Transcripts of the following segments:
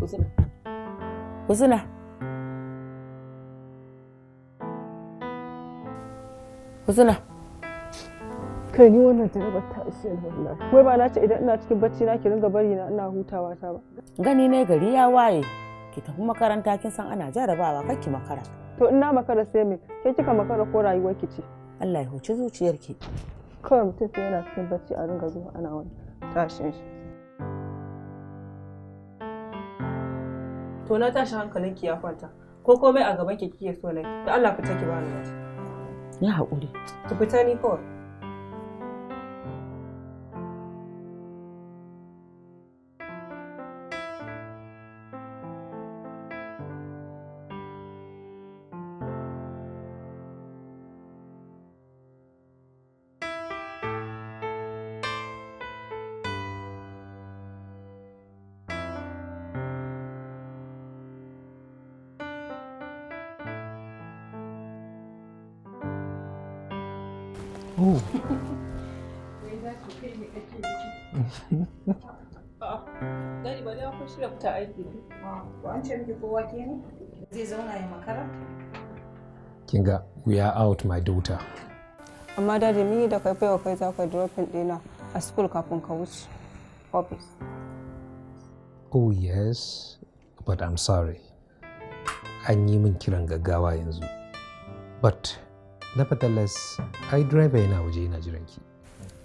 Husna. Kai ni wannan jarabar ta ishe ni wallahi. Wai ba na ce idan ina cikin bacci na ki ringa bari na ina hutawa ta ba. Gani ne gari ya waye. Ki tafi makaranta kin san ana jarabawa kar ki makara. To ina makara sai me? kai kika makara ko rayuwar ki ce? Allah ya huci zuciyarki. Kawai mutum sai yana cikin bacci a ringa zuwa ana wani tashin shi. to na tashi hankalin ki ya kwanta ko komai a gaban ki kike so nai da Allah fita ki bani ya haƙuri ku fita ni kawai Oh. ba we are out my daughter. Amma dadi mini da kai baiwa kai za ka dropping ɗina a school kafin ka wuce office. Oh yes, but I'm sorry. An yi min kiran gaggawa yanzu. But Na fatalas ai driver yana waje yana jiran ki.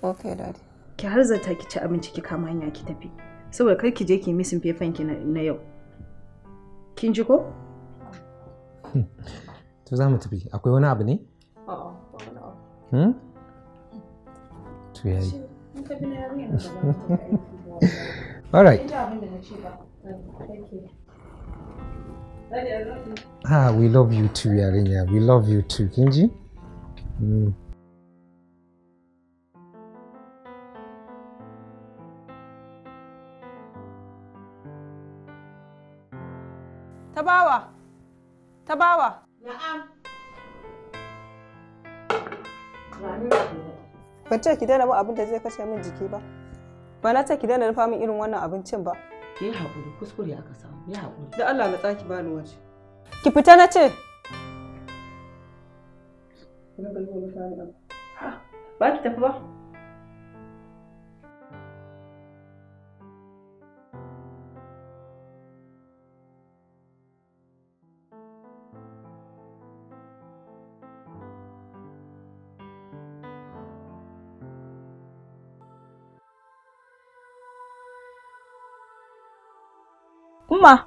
Okay, daddy. Ki zata ki ci abinci ki kama hanya ki tafi. Saboda kar ki je ki misin fefan ki na yau. Kin ji ko? To za mu tafi. Akwai wani abu ne? A'a, ba wani abu. Hmm? To yayi. All right. Ah, we love you too, Yarinya. We love you too, Kinji. Mm. Tabawa! Tabawa! Na'am. Ban ce ki daina abin da zai kashe min jiki ba. Ba na ce ki daina nufa min irin wannan abincin ba. Ki haƙuri, kuskure aka samu, Ya haƙuri. Da Allah na tsaki ni waje. Ki fita na ce. rinka yi wa mutane abu ba ki tafi ba Umma.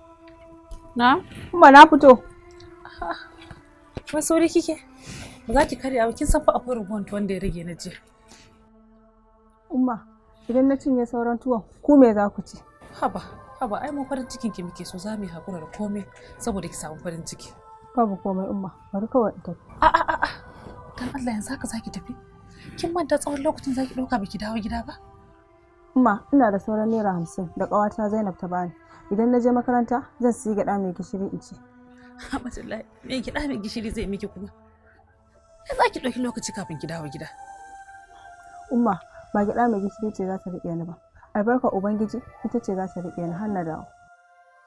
Na? Umma na fito. Masauri kike? ba za ki karya ba kin san fa akwai rabuwan tuwon da ya rage na jiya umma idan na cinye sauran tuwon ku me za ku ci haba haba ai mu farin cikin ki muke so za mu yi hakura da komai saboda ki samu farin ciki babu komai umma bari kawai in tafi a a a dan Allah yanzu haka ki tafi kin manta tsawon lokacin ɗauka ba ki dawo gida ba umma ina da sauran naira hamsin da ƙawata Zainab ta bani idan na je makaranta zan siyi gyaɗa mai gishiri in ci Abdullahi me gyaɗa mai gishiri zai miki kuma ai za ki ɗauki lokaci kafin ki dawo gida umma ba gida mai gishiri ce za ta riƙe ni ba albarka ubangiji ita ce za ta riƙe ni har na dawo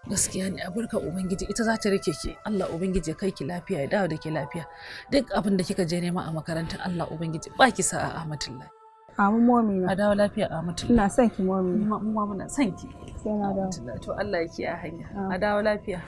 gaskiya ne albarka ubangiji ita za ta riƙe ki Allah ubangiji ya kai ki lafiya ya dawo da ke lafiya duk abin da kika je nema a makarantar Allah ubangiji ba ki sa'a a Ahmadullah Amu momi na. A dawo lafiya a mutum. Ina son ki momi. Mu ma muna son ki. Sai na dawo. To Allah ya kiyaye hanya. A dawo lafiya.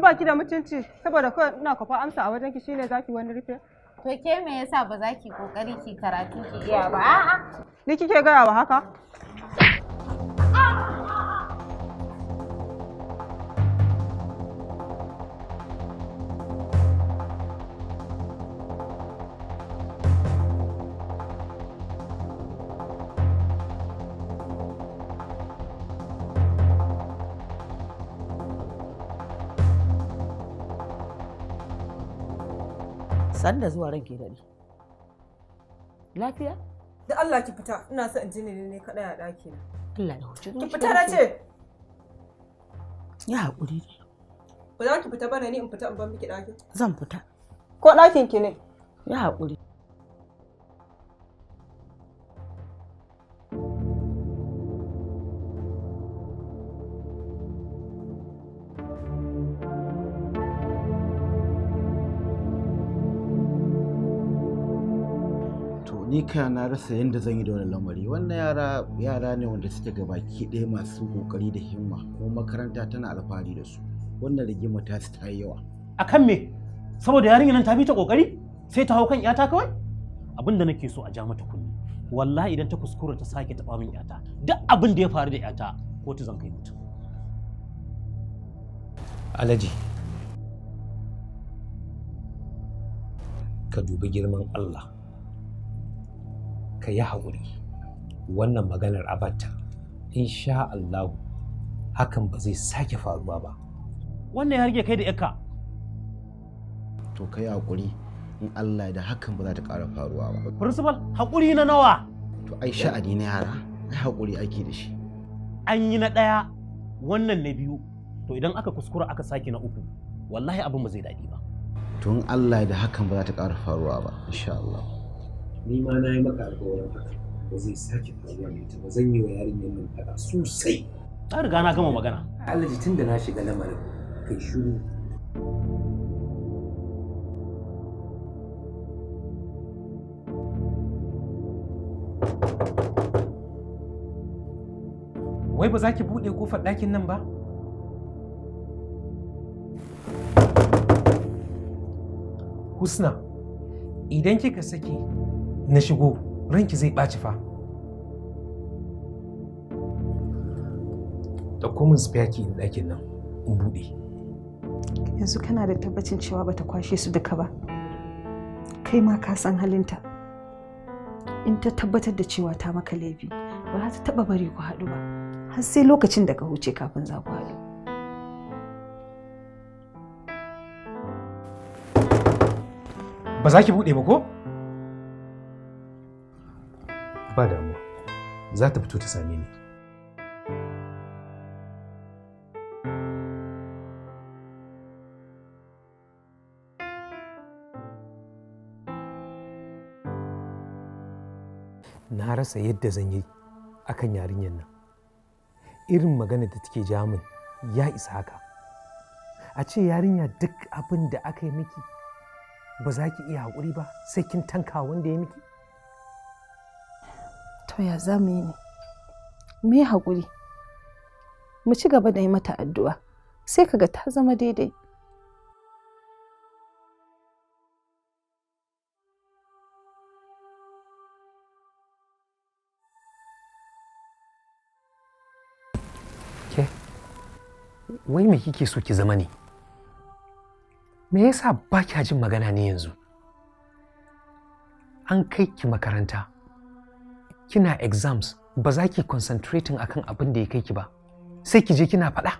ba ki da mutunci saboda kawai ina kwafa amsa a wajen ki shine zaki wani rufe to ke me yasa ba za ki kokari ki karatu ki iya ba a'a ni kike gaya wa haka ah! Sanda zuwa ke daɗi. Lafiya? Da Allah ki fita, ina son in ne ne kaɗai a ɗaki na. Allah ya huce. Ki fita na ce. Ya haƙuri ne. Ba za ki fita ba ne ni in fita in ban miki ɗakin. Zan fita. Ko ɗakin ki ne? Ya haƙuri. duka na rasa yadda zan yi da wani lamari wannan yara yara ne wanda suke gabaki ɗaya masu kokari da himma kuma makaranta tana alfahari da su wannan rigima ta su ta yi yawa a kan me saboda yarinya nan ta bi ta kokari sai ta hau kan yata kawai abin da nake so a ja mata kunni wallahi idan ta kuskura ta sake taɓa min yata duk abin da ya faru da yata ko ta zan kai mutum alaji ka dubi girman Allah ka yi haƙuri wannan maganar abatta insha Allah hakan ba zai sake faruwa ba wannan ya harge kai da yaka. to kai haƙuri in Allah da hakan ba za ta ƙara faruwa ba principal haƙuri na nawa to ai sha'ani na yara ai haƙuri ake da shi an yi na ɗaya wannan na biyu to idan aka kuskura aka sake na uku wallahi abin ba zai daɗi ba to in Allah da hakan ba za ta ƙara faruwa ba insha Allah ni ma na yi maka alƙawarin haka ba zai sake faruwa ne ta ba zan yi wa yarin nan sosai na riga na gama magana alaji tun da na shiga lamarin kai shiru wai ba za ki buɗe kofar ɗakin nan ba? Husna, idan kika sake na shigo ranki zai ɓaci fa komin min spiyaki in ɗakin nan in buɗe yanzu kana da tabbacin cewa bata kwashe su duka ba kai ma ka san halin ta in ta tabbatar da cewa ta maka laifi ba za ta taba bari ku haɗu ba har sai lokacin da ka huce kafin za ku haɗu ba za ki buɗe ba ko? ba damuwa za ta fito ta same ni na rasa yadda zan yi akan yarinyar nan irin magana da take ja min ya isa haka a ce yarinya duk abin da aka yi miki ba za ki iya haƙuri ba sai kin tanka wanda ya miki to ya za mu yi ne mu yi haƙuri mu ci gaba da yi mata addu'a sai kaga ta zama daidai ke wai me kike so ki zama ne me yasa ba kya jin magana ne yanzu an kai ki makaranta kina exams ba za ki concentrating akan abin da ya kai ki ba sai ki je kina faɗa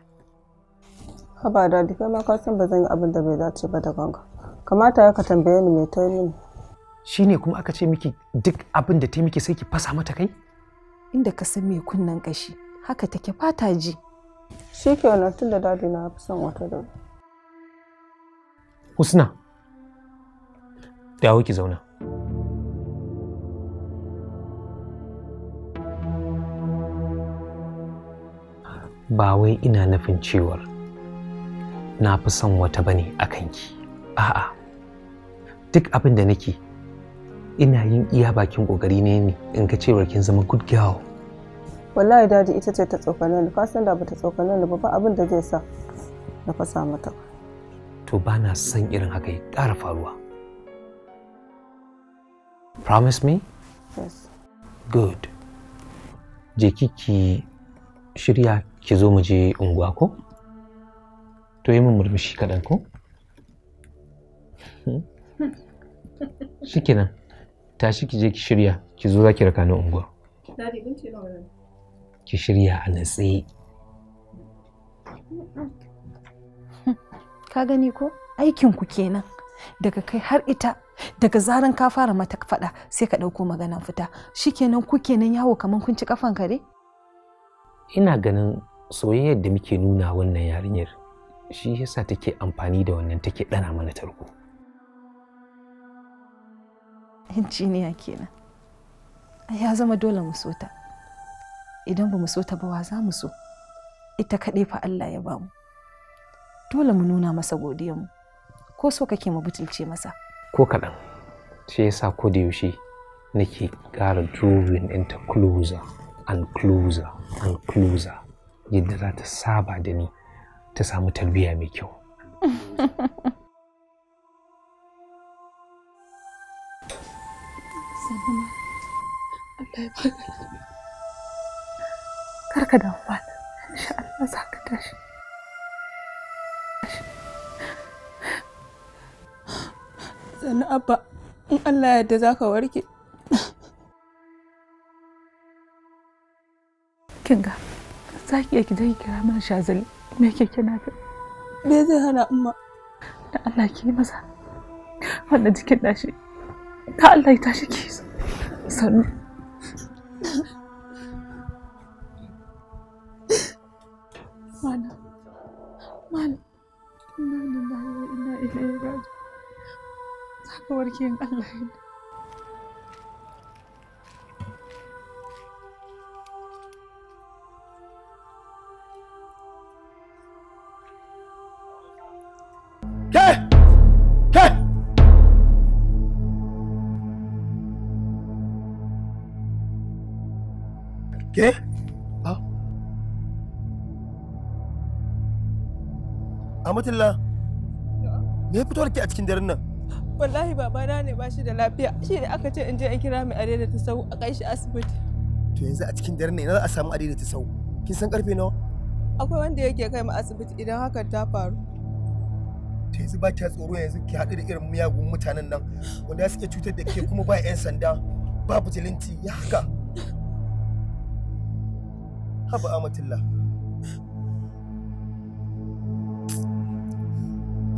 haba da dufe ma ka san ba zan yi abin da bai dace ba da ganga kamata ya ka tambaye ni mai ta mini shine kuma aka ce miki duk abin da ta miki sai ki fasa mata kai inda ka san mai kunnen kashi haka take fata ji shi ke wannan tun dadi na fi son wata da husna dawo ki zauna ba wai ina nufin cewar na fi son wata bane a kanki a'a duk abin da nake ina yin iya bakin kokari ne ne in ga cewar kin zama good girl wallahi dadi ita ce ta tsokane ni ka san da ba ta tsokane ni ba abin da zai sa na fasa mata to ba na son irin haka ya ƙara faruwa promise me yes good je kiki shirya ki zo mu je unguwa ko to yi min murmushi kaɗan ko hmm? shikenan tashi ki je ki shirya ki zo za ki raka ni unguwa ki shirya a natse ka gani ko aikin ku kenan daga kai har ita daga zaran ka fara mata faɗa sai ka ɗauko maganan fita shikenan ku kenan yawo kamar kun ci kafan kare ina ganin soyayyar da muke nuna wannan yarinyar shi yasa take amfani da wannan take ɗana mana tarko. injiniya kenan ya zama dole mu sota ta idan ba mu so ta ba wa za mu so ita kaɗai fa Allah ya ba mu dole mu nuna masa mu ko so kake mu butulce masa ko kaɗan shi yasa ko da yaushe nake ƙara drawing into closer and closer and closer yadda za ta saba da ni ta samu tarbiyya mai kyau karka da wani insha Allah za ka tashi sannan abba in Allah yadda za ka warke kinga zaki ya gidan kira min shazali me yake kina ka me zai hana amma da Allah ki yi maza wannan jikin dashi ta Allah ya tashi ki sannu mana mana inna lillahi wa inna ilaihi raji ta warke in Allah ya Ke? Eh? Ha? Ah. Amatullah. Me ya fito da a cikin daren nan? Wallahi babana ne ba shi da lafiya. Shi ne aka ce in je in kira mai adai da ta sau a kai shi asibiti. To yanzu a cikin daren nan ina za a samu adai da ta sau. Kin san karfe nawa? Akwai wanda yake kai mu asibiti idan hakan ta faru. ta yanzu ba kya tsoro yanzu ki haɗu da irin miyagun mutanen nan wanda suke cutar da ke kuma ba 'yan sanda ba bijilinti ya haka haba amatilla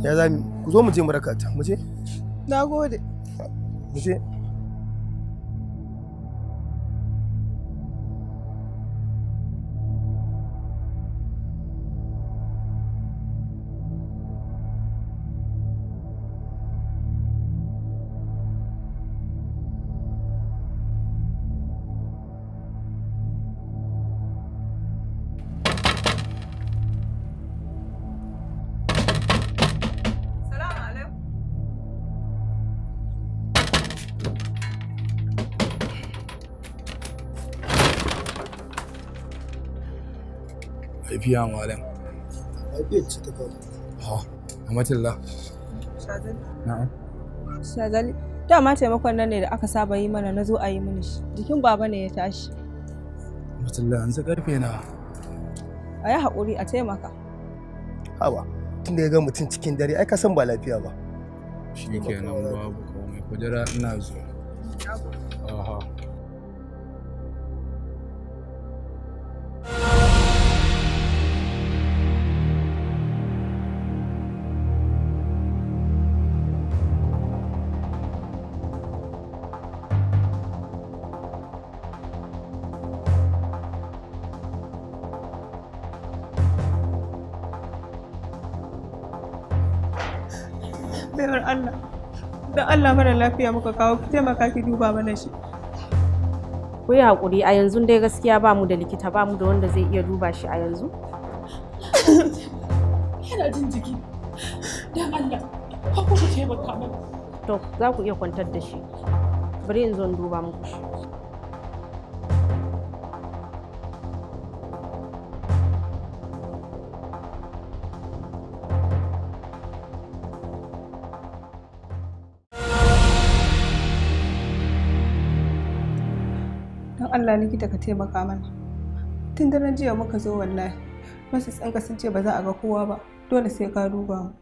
ya zami ku zo mu je mu raka ta mu je na gode mu je lafiya malam ha amatillah shazali na'am shazali dama taimakon nan ne da aka saba yi mana na zo a yi mini shi jikin baba ne ya tashi matalla yanzu karfe na a yi haƙuri a taimaka haba tun da ya ga mutum cikin dare ai ka san ba lafiya ba shi kenan babu komai kudura ina zuwa mara lafiya muka kawo ki taimaka ki duba mana shi ku yi hakuri a yanzu dai gaskiya ba mu da likita ba mu da wanda zai iya duba shi a yanzu yana jin jiki don Allah ku taimaka mana to za ku iya kwantar da shi bari in zo in duba muku shi Allah likita ka taimaka mana tun daren jiya muka zo wallahi masu tsanka sun ce ba za a ga kowa ba dole sai ka duba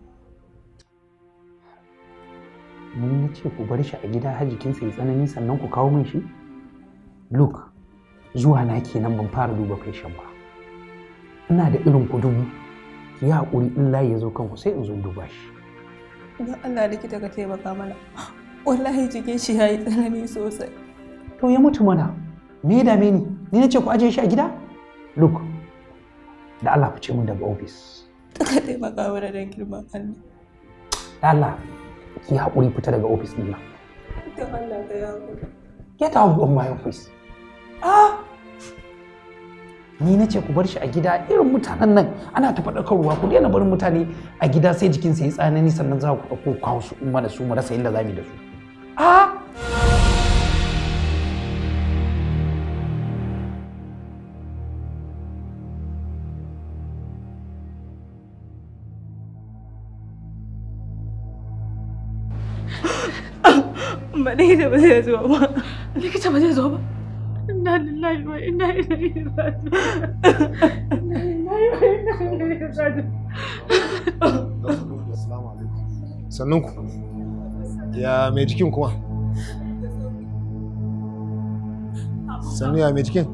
mu mun ce ku bar shi a gida har jikinsa ya tsanani sannan ku kawo min shi Luke zuwa na kenan ban fara duba kai shan ba ina da irin ku dubu ki yi haƙuri in layi ya zo kanku sai in zo duba shi don Allah likita ka taimaka mana wallahi jikin shi ya yi tsanani sosai to ya mutu mana me ya dame ni ni na ce ku ajiye shi a gida look da Allah ku ce mun daga ofis ka taimaka wa da girman Allah Allah ki haƙuri fita daga ofis ɗin nan don Allah ka yi get out of my office ah ni na ce ku bar shi a gida irin mutanen nan ana ta faɗakarwa ku daina barin mutane a gida sai jikinsa ya tsanani sannan za ku ɗauko kawo su in mana su mu rasa yadda za mu da su ah ba ba zai zo ba likita ba zai zo ba lillahi wa ilaihi raji'un ku ya mai jikin kuma sannu ya mai jikin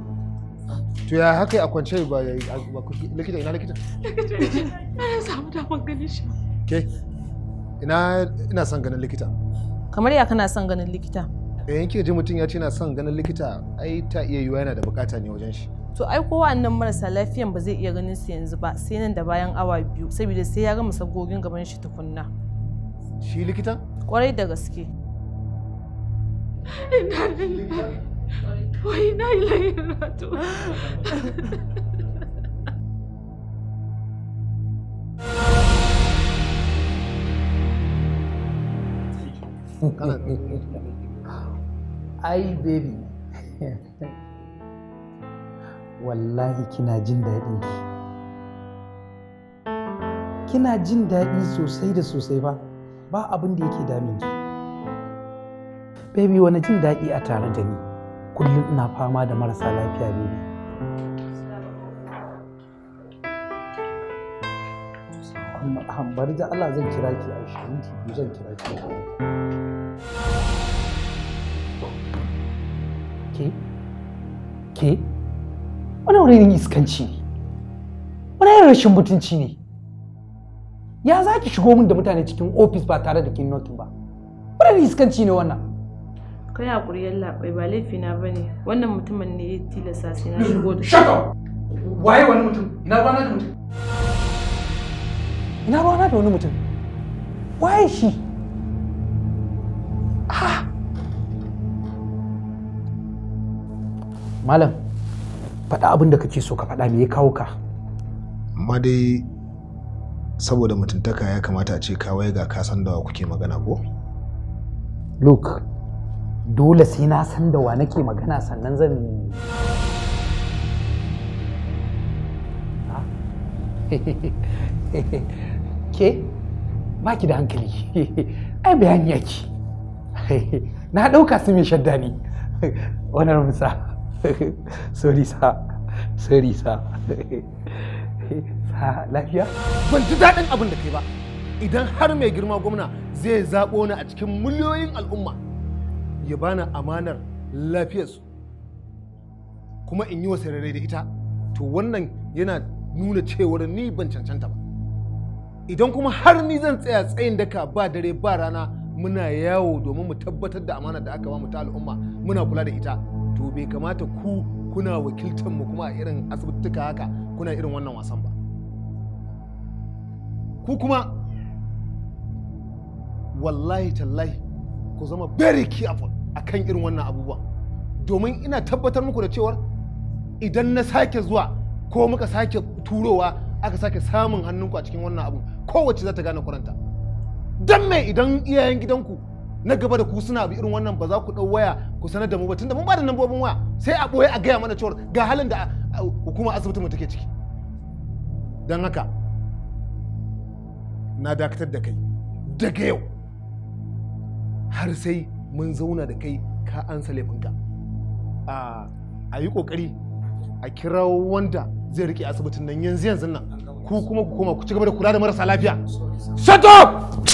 to ya haka a kwance ba likita ina likita likita ina samu damar ganin shi ke ina ina son ganin likita kamar ya kana son ganin likita yayin ke ji mutum ya ce na son ganin likita ai ta iya yiwuwa yana da bukata ne wajen shi to ai ko wannan marasa lafiyan ba zai iya ganin su yanzu ba sai nan da bayan awa biyu saboda sai ya gama sagogin gaban shi tukunna shi likita kwarai da gaske ina ina ai baby wallahi kina jin daɗi. kina jin daɗi sosai da sosai ba ba abin da yake damin ki baby wani jin daɗi a tare da ni kullum ina fama da marasa lafiya baby Allah zan kira ki a 22 zan kira ki ke ke wani wurin iskanci ne wani rashin mutunci ne ya za ki shigo min da mutane cikin ofis ba tare da kin notin ba wani iskanci ne wannan kai hakuri yalla bai ba laifi na bane wannan mutumin ne ya tilasta sai na shigo da shut waye wani mutum ina ruwana da mutum ina ruwana da wani mutum waye shi malam faɗa abin da kake so ka faɗa me ya kawo ka amma dai saboda mutuntaka ya kamata a ce kawai ga ka san da wa kuke magana ko look dole sai na san da wa nake magana sannan zan ah. ke ba ki da hankali ai bayani yake na ɗauka su mai shadda ne wani musa sorry sa sorry sa sa lafiya ban ji daɗin abin da kai ba idan har mai girma gwamna zai zaɓo ni a cikin miliyoyin al'umma ya bana amanar lafiyarsu kuma in yi wa sararai da ita to wannan yana nuna cewar ni ban cancanta ba idan kuma har ni zan tsaya tsayin daka ba dare ba rana muna yawo domin mu tabbatar da amanar da aka ba mu ta al'umma muna kula da ita to bai kamata ku kuna wakiltar mu kuma a irin asibitika haka kuna irin wannan wasan ba ku kuma wallahi tallahi ku zama very careful akan irin wannan abubuwa domin ina tabbatar muku da cewar idan na sake zuwa ko muka sake turowa aka sake samun hannunku a cikin wannan abu kowace za ta gane kuranta don me idan iyayen gidanku na gaba da ku suna bi irin wannan ba za ku ɗau waya ku sanar da mu ba tunda mun ba da lambobin waya sai a ɓoye a gaya mana cewa ga halin da hukumar asibiti mu take ciki don haka na dakatar da kai daga yau har sai mun zauna da kai ka ansa laifinka a yi ƙoƙari a kira wanda zai rike asibitin nan yanzu yanzu nan ku kuma ku koma ku ci gaba da kula da marasa lafiya shut up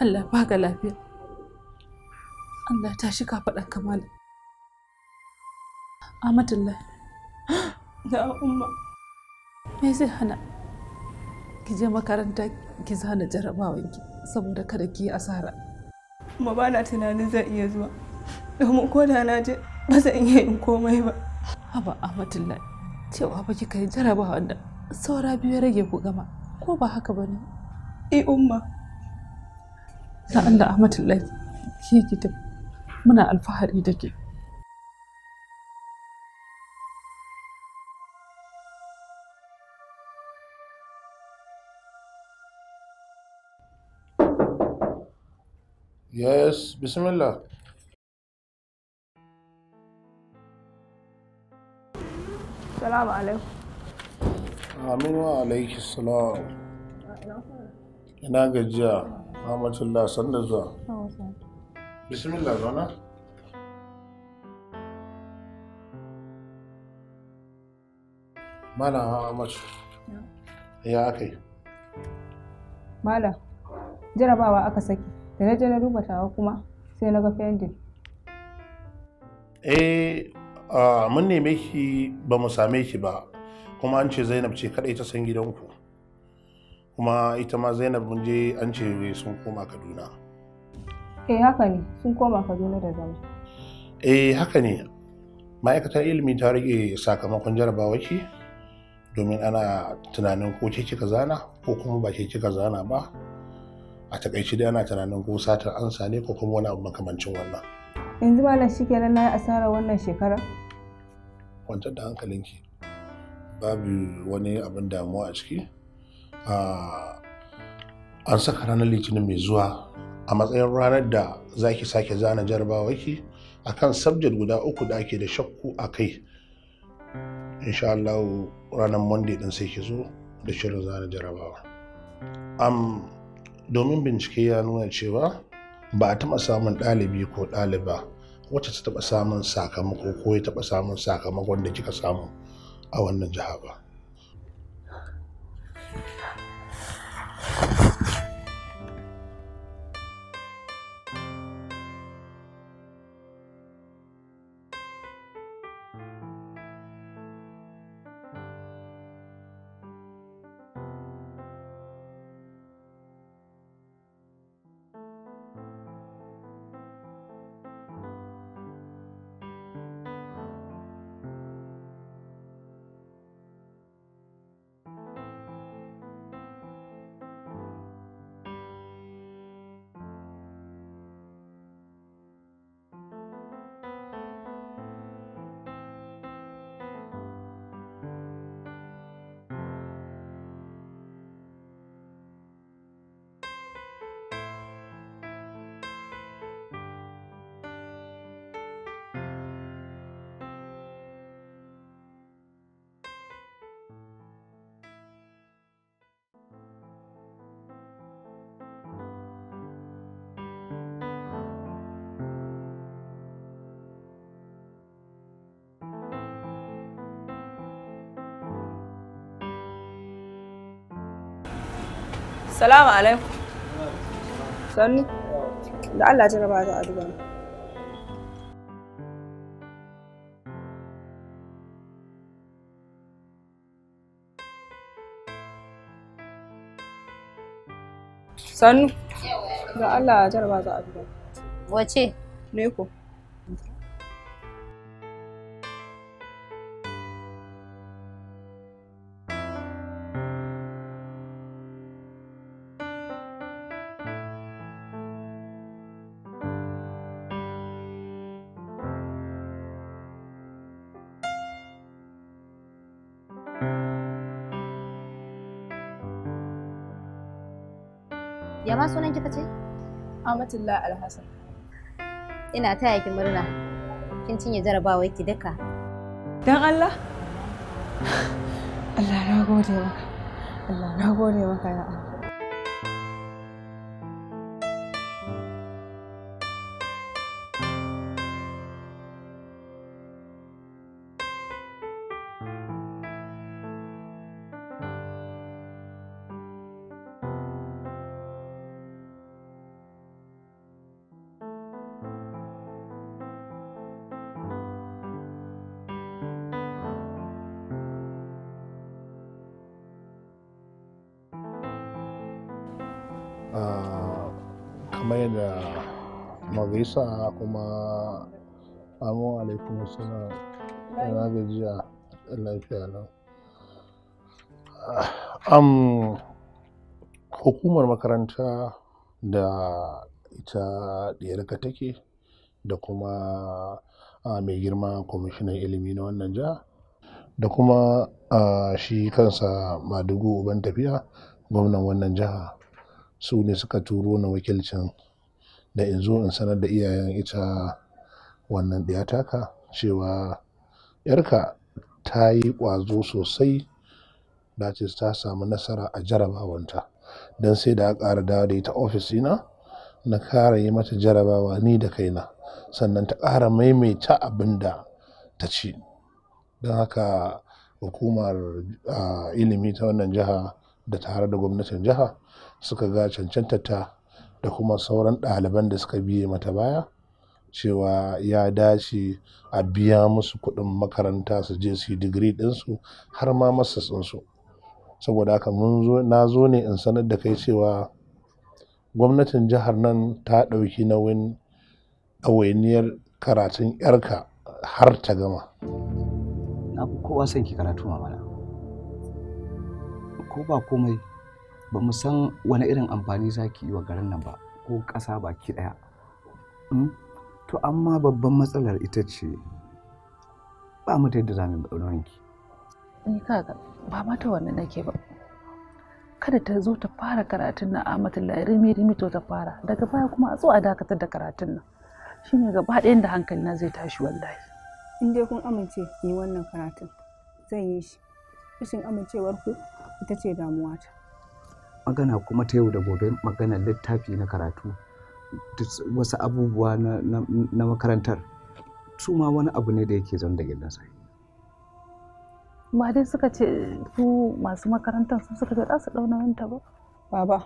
Allah ba ka lafiya Allah ta shi kafaɗan kamala Amatullah da umma me zai hana ki je makaranta ki zana jarabawanki saboda kada ki yi asara kuma ba na tunanin zan iya zuwa domin ko da na je ba zan iya yin komai ba haba Amatullah cewa ba ki yi jarabawan da saura biyu rage ku gama ko ba haka ba ne eh umma ta Allah Ahmadullahi ke gida muna alfahari da ke Yes, bismillah. Salamu alaikum. Aminu alaikis salam. Ina gajiya. Rahmatullah san da zuwa. Bismillah zauna. Malam Ahmad. Ya aka yi. Mala, jarabawa aka saki. Da na je na tawa kuma sai na ga fendin. Eh, ah, mun neme ki ba mu same ki ba, kuma an ce Zainab ce kaɗai ta san gidanku. kuma ita ma zainab mun je an ce sun koma kaduna eh haka ne sun koma kaduna da zama eh haka ne ma'aikatar ilimi ta rike sakamakon jarabawa ce domin ana tunanin ko ce kika zana ko kuma ba ce kika zana ba a takaici dai ana tunanin ko satar ansa ne ko kuma wani abu makamancin wannan yanzu malam shi nan na yi asara wannan shekara kwantar da hankalinki babu wani abin damuwa a ciki an saka ranar litinin mai zuwa a matsayin ranar da za ki sake zana jarabawa ki a kan subject guda uku da ake da shakku a kai insha Allah ranar monday din sai ki zo da shirin zana jarabawa am domin bincike ya nuna cewa ba a taɓa samun ɗalibi ko ɗaliba wacce ta taɓa samun sakamako ko ya taɓa samun sakamakon da kika samu a wannan jiha ba Salamu alaikum. Sannu. Da Allah jaraba za a duba. Sannu. Da Allah jaraba za a duba. Wace? Ne ko. ya ma sunan kika ce amatullah alhassan ina taya ki murna kin cinye jarabawar ki duka dan allah allah na gode maka allah na gode maka ya allah gaisa kuma amin alaikun suna ina gajiya lafiya nan am hukumar makaranta da ita ɗiyarka take da kuma a mai girma kwamishinan ilimi na wannan jiha da kuma shi kansa madugu uban tafiya gwamnan wannan jiha su ne suka turo na wakilcin da in zo in sanar da iyayen ita wannan ɗiya taka cewa yarka ta yi kwazo sosai da ce ta samu nasara a jarabawanta don sai da ƙara dawo da ita ofis ina na kara yi mata jarabawa ni da kaina sannan ta kara maimaita abin da ta ci don haka hukumar ah, ilimi ta wannan jiha da tare da gwamnatin jiha suka ga cancanta ta da kuma sauran ɗaliban da suka biye mata baya cewa ya dace a biya musu kuɗin makaranta su je su yi digiri ɗinsu har ma masa ɗinsu saboda haka na zo ne in sanar da kai cewa gwamnatin jihar nan ta ɗauki nauyin ɗawainiyar karatun 'yarka har ta gama na kowa son ki karatu mamana ko ba komai ba mu san wani irin amfani za ki yi wa garin nan ba ko ƙasa baki ɗaya hmm? to amma babban matsalar ita ce ba mu da yadda za mu yi ni kaga ba mata wannan nake ba kada ta zo ta fara karatun na amatin la rimi rimi to ta fara daga baya kuma a zo a dakatar da karatun nan shine gaba ɗayan da hankali na zai tashi wallahi in dai kun amince ni wannan karatun zan yi shi rashin amincewar ku ita ce damuwata magana kuma ta yau da gobe magana littafi na karatu wasu abubuwa na makarantar su ma wani abu ne da yake zan da sai ba dai suka ce su masu makarantar sun suka ce za su ɗauna wanta ba baba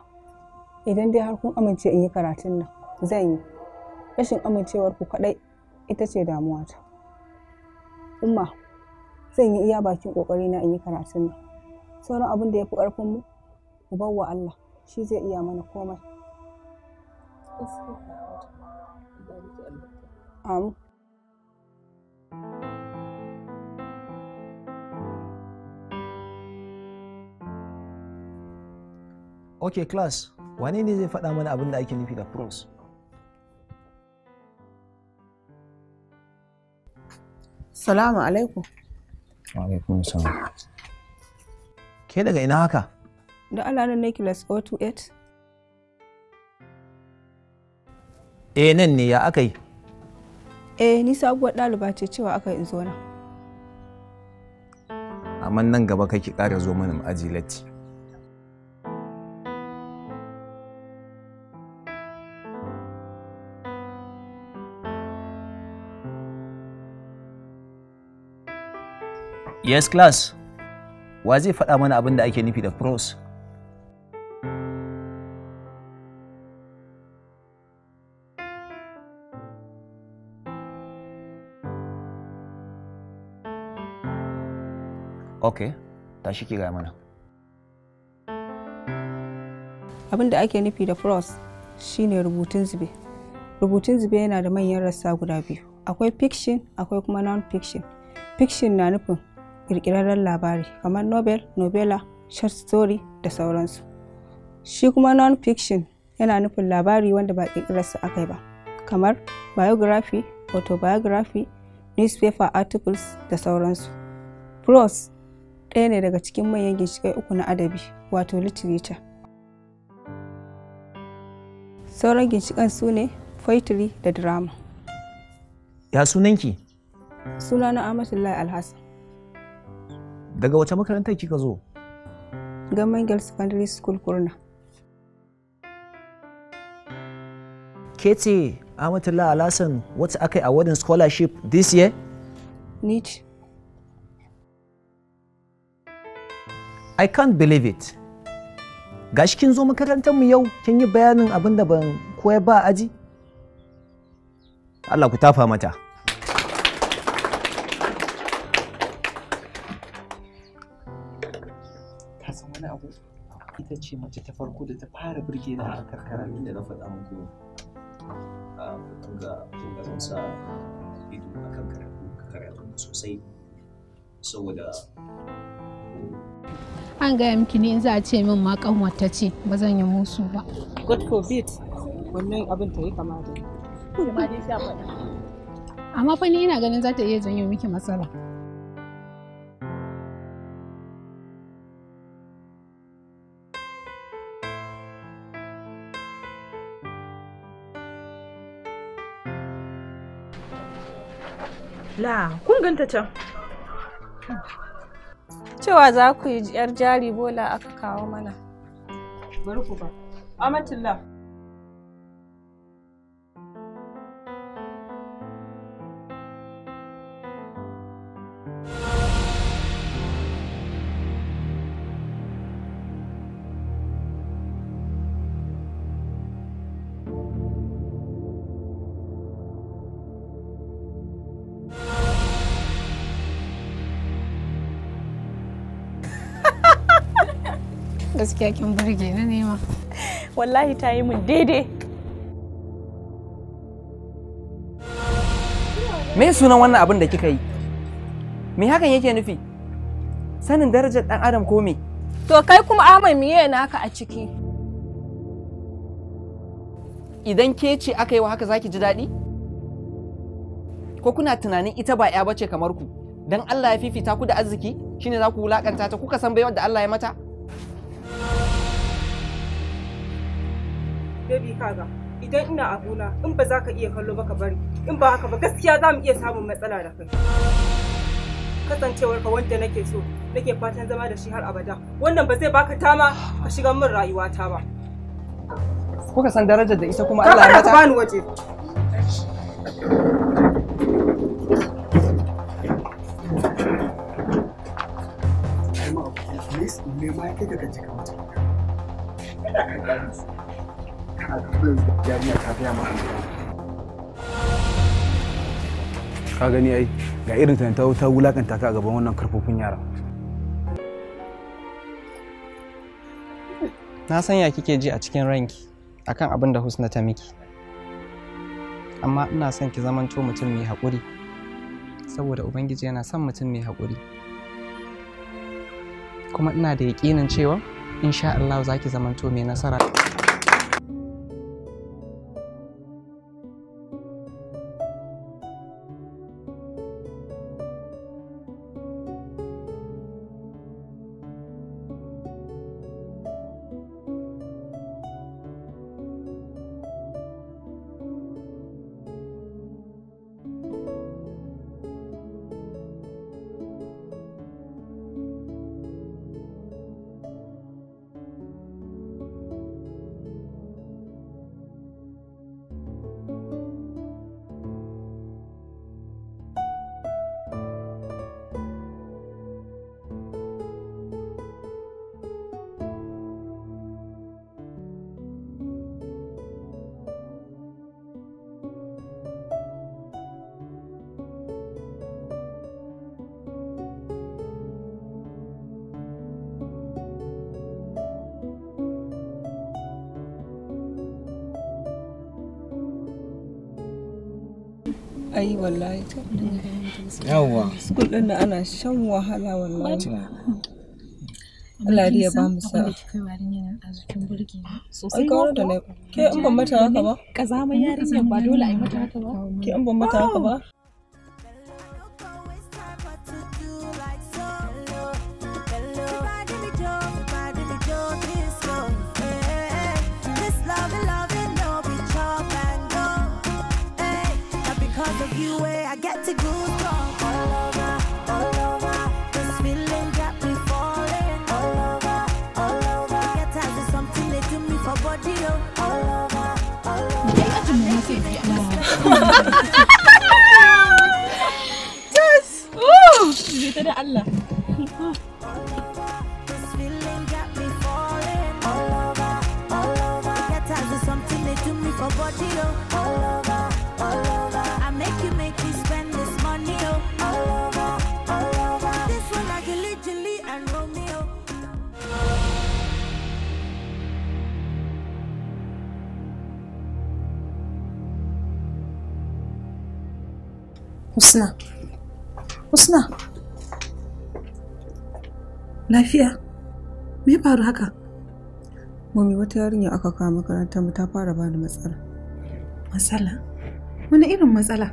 idan dai har kun amince in yi karatun nan zan yi rashin amincewar ku kaɗai ita ce damuwata umma zan yi iya bakin ƙoƙarina in yi karatun nan sauran abin da ya fi ƙarfin mu mu bar wa Allah shi zai iya mana komai amin ok class wane ne zai faɗa mana abin da ake nufi da pros salamu alaikum alaikum salam ke daga ina haka da Allah na Nicholas 028? Eh nan ne ya aka yi? Eh ni sabuwar ɗaliba ce cewa aka yi zo nan. Amma nan gaba kake ƙara zo mana aji latti. Yes class, wa zai faɗa mana abin da ake nufi da pros? ok tashi ki gaya mana abin da ake nufi da frost shine rubutun zube rubutun zube yana da manyan rassa guda biyu akwai fiction akwai kuma non-fiction fiction na nufin kirkirarren labari kamar novel novella short story da sauransu shi kuma non-fiction yana nufin labari wanda ba kirkirarsa aka yi ba kamar biography autobiography newspaper articles da sauransu prose ɗaya ne daga cikin manyan ginshiƙai uku na adabi wato literature sauran ginshiƙan su ne faitiri da drama ya sunanki sunana lai alhassan daga wace makarantar kika zo gaman girls secondary school kurna ke ce amatullahi alhassan wata aka yi a wadin scholarship this year niche I can't believe it. Gashi kin zo makarantar mu yau kin yi bayanin abin da ban koyar ba aji? Allah ku tafa mata. Ka san wani abu? Ita ce mace ta farko da ta fara burge na a karkara da na faɗa muku. Kun zan sa ido karatu karatu sosai saboda an gaya miki ne in za a ce min ma kanwata ce ba zan yi musu ba god forbid wannan abin ta yi kama da amma fa ni ina ganin za ta iya janyo miki matsala La, kun ganta can. cewa za ku yi yar jari bola aka kawo mana. Bari ba. Amatullah. gaskiya kin burge na nema wallahi ta yi min daidai me sunan wannan abin da kika yi me hakan yake nufi sanin darajar dan adam ko me to kai kuma ahmad miye naka a ciki idan ke ce aka yi wa haka zaki ji daɗi ko kuna tunanin ita ba 'ya bace kamar ku don Allah ya fifita ku da arziki shine za ku wulakanta ta kuka san bai wanda Allah ya mata baby kaga idan ina a gona in ba za ka iya kallo ba ka bari in ba haka ba gaskiya za mu iya samun matsala da kai kasancewar ka wanda nake so nake fatan zama da shi har abada wannan ba zai baka dama ka shiga min rayuwata ba kuka san darajar da ita kuma Allah ya mata bani waje Me ma daga mutum? ka kagani ka gani ai ga irin ta ta wulakanta ka gaban wannan karfofin yara na sanya kike ji a cikin ranki akan abin da husna ta miki amma ina son ki zamanto mutum mai haƙuri saboda ubangiji yana son mutum mai haƙuri kuma ina da yaƙinin cewa insha Allah za ki zamanto mai nasara ai wallahi yawwa school din nan ana shan wahala wallahi Allah ya ba mu sa. Ai kawar da ne ke in ban mata haka ba. Kazama yarinya ba dole a yi mata haka ba. Ke in ban mata haka ba. yes! Uh! da Allah. haka mami wata yarinya aka kawo makaranta mu ta fara bani matsala matsala wani irin matsala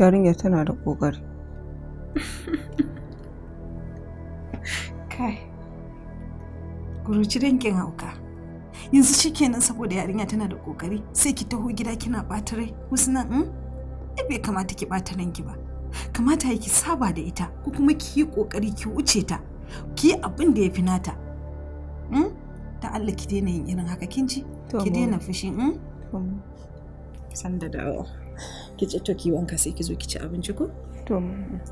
yarinya tana da ƙoƙari kai guruci dankin hauka yanzu shikenan saboda yarinya tana da ƙoƙari sai ki taho gida kina ɓata rai nan hmm? in bai kamata ki ɓata ranki ba kamata ki saba da ita ko kuma ki yi ƙoƙari ki wuce ta ki abin da ya fi nata Mm? ta Allah ki daina yin irin haka kin ji ki daina fushi mm? san da dawo ki ci to ki wanka sai ki zo ki ci abinci ko to mai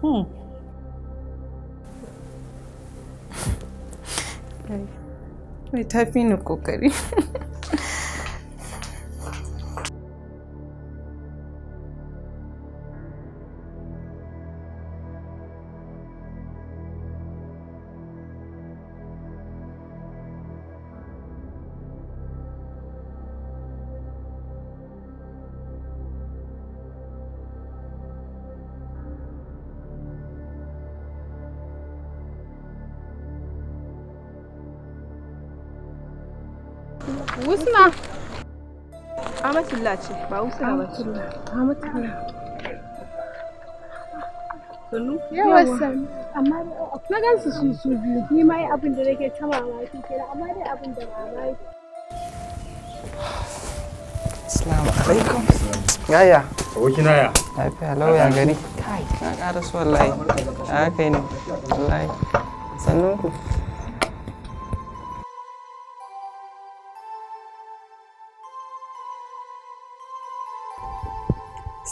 hmm. tafi ni kokari Hamdulillah ce ba usura ba ce. Hamdulillah. Sannu? Yawa Amma oh, na gansu su su biyu ni ma yi abin da nake ta mamaki amma dai abin da mamaki. Assalamu alaikum. Yaya? Lafiya lauya Kai, na ƙara su wallahi. Haka ne. Wallahi. ku.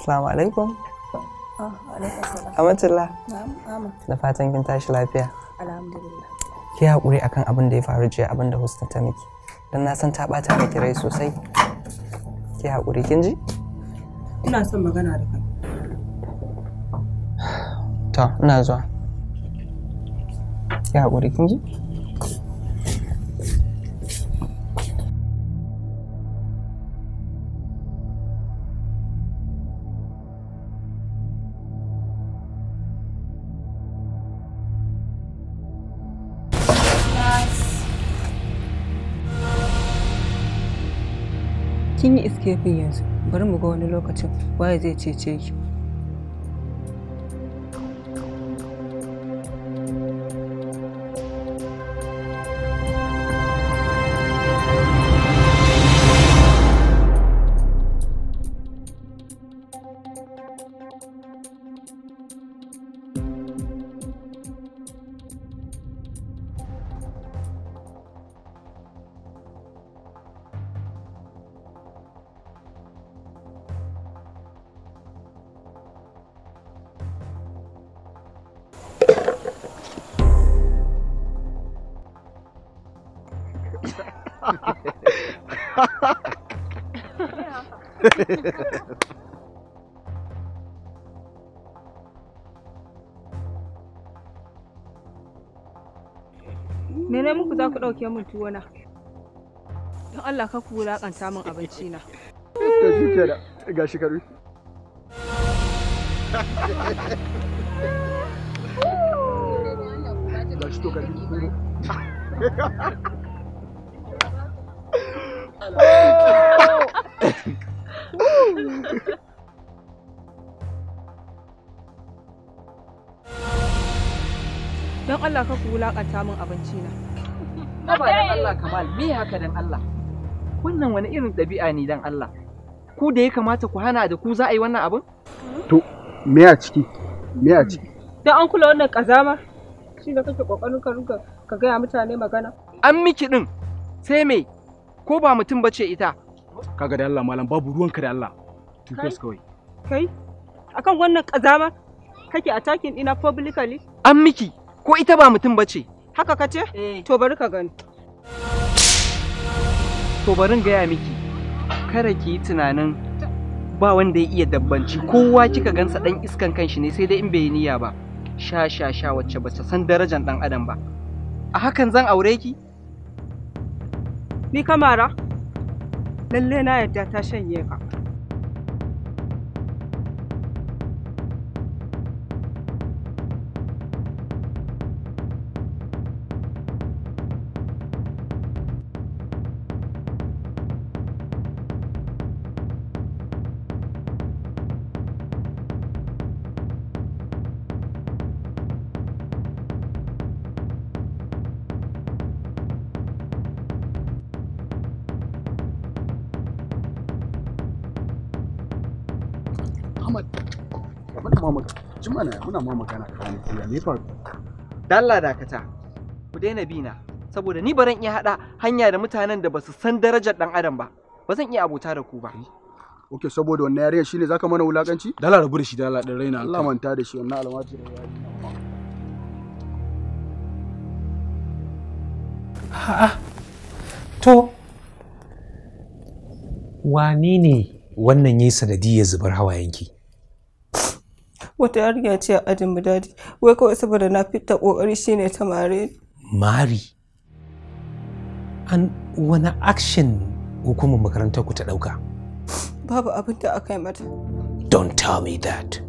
Assalamu alaikum. Ah, Amatullah. Da fatan kin tashi lafiya. Alhamdulillah. Ki haƙuri akan abin da ya faru jiya abin da Husna ta miki. Dan na san ta ɓata miki rai sosai. Ki haƙuri kin ji? Ina son magana da kai. To, ina zuwa. Ki haƙuri kin ji? gefe yanzu bari mu ga wani lokacin waye zai cece ki Mene muku za ku ɗauke min tuwona? Don Allah ka ku wulaƙanta min abinci na. Ga shi karbi. Ga shi to Don Allah ka ku wulakanta min abinci na. Na ba dan Allah Kamal, me haka dan Allah? Wannan wani irin ɗabi'a ne dan Allah? Ku da ya kamata ku hana da ku za a yi wannan abin? To, me a ciki? Me a ciki? Hmm. Dan an kula wannan kazama. Shi da kake kokarin ka ruga ka gaya mutane magana. An miki din. Sai me? Ko ba mutum bace ita? Kaga da Allah malam babu ruwanka da Allah. Tukas kawai. Kai? Akan wannan kazama kake attacking ina publicly? An miki ko ita ba mutum bace. Haka kace? Eh. To bari ka gani. To barin gaya miki. Kara ki tunanin ba wanda ya iya dabbanci kowa kika gansa dan iskan kanshi ne sai dai in bai niyya ba. Sha sha sha wacce bata san darajar dan adam ba. A hakan zan aure ki? Ni kamara? Lalle na yadda ta shanye ka. mana muna ma magana da wani ya me faru dalla dakata ku daina bina saboda ni baran iya hada hanya da mutanen da basu san darajar dan adam ba ba zan iya abota da ku ba eh. Oke saboda wannan yarinya shine zaka mana wulakanci? Dala rabu da shi dala din raina. Allah manta da shi wannan almajiri da yayi. A'a. To wane ne wannan yayi sanadi ya zubar hawayenki? wata yarinya ce a ajin mu daji wai kawai saboda na fita kokari shine ta mare mari an wani action hukumar makarantar ku ta dauka babu abin da aka yi mata don't tell me that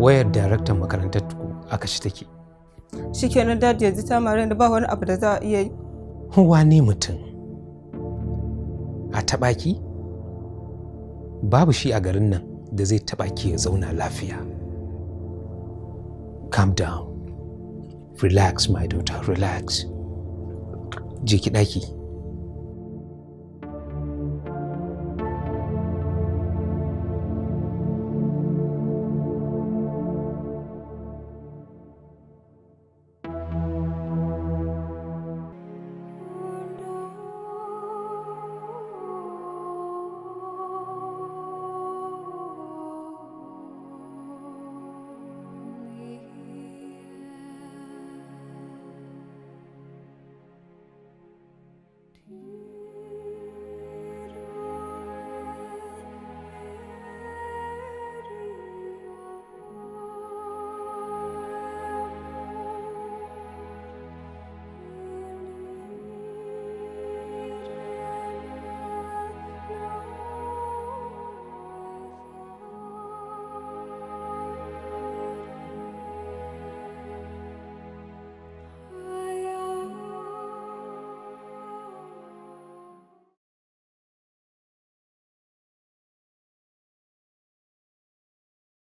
wayar daraktan makarantar ku a kashe take shikenan dadi yanzu ta mare da ba wani abu da za a iya yi ne mutum a taɓa babu shi a garin nan da zai taɓa ki ya zauna lafiya calm down relax my daughter relax je ki ɗaki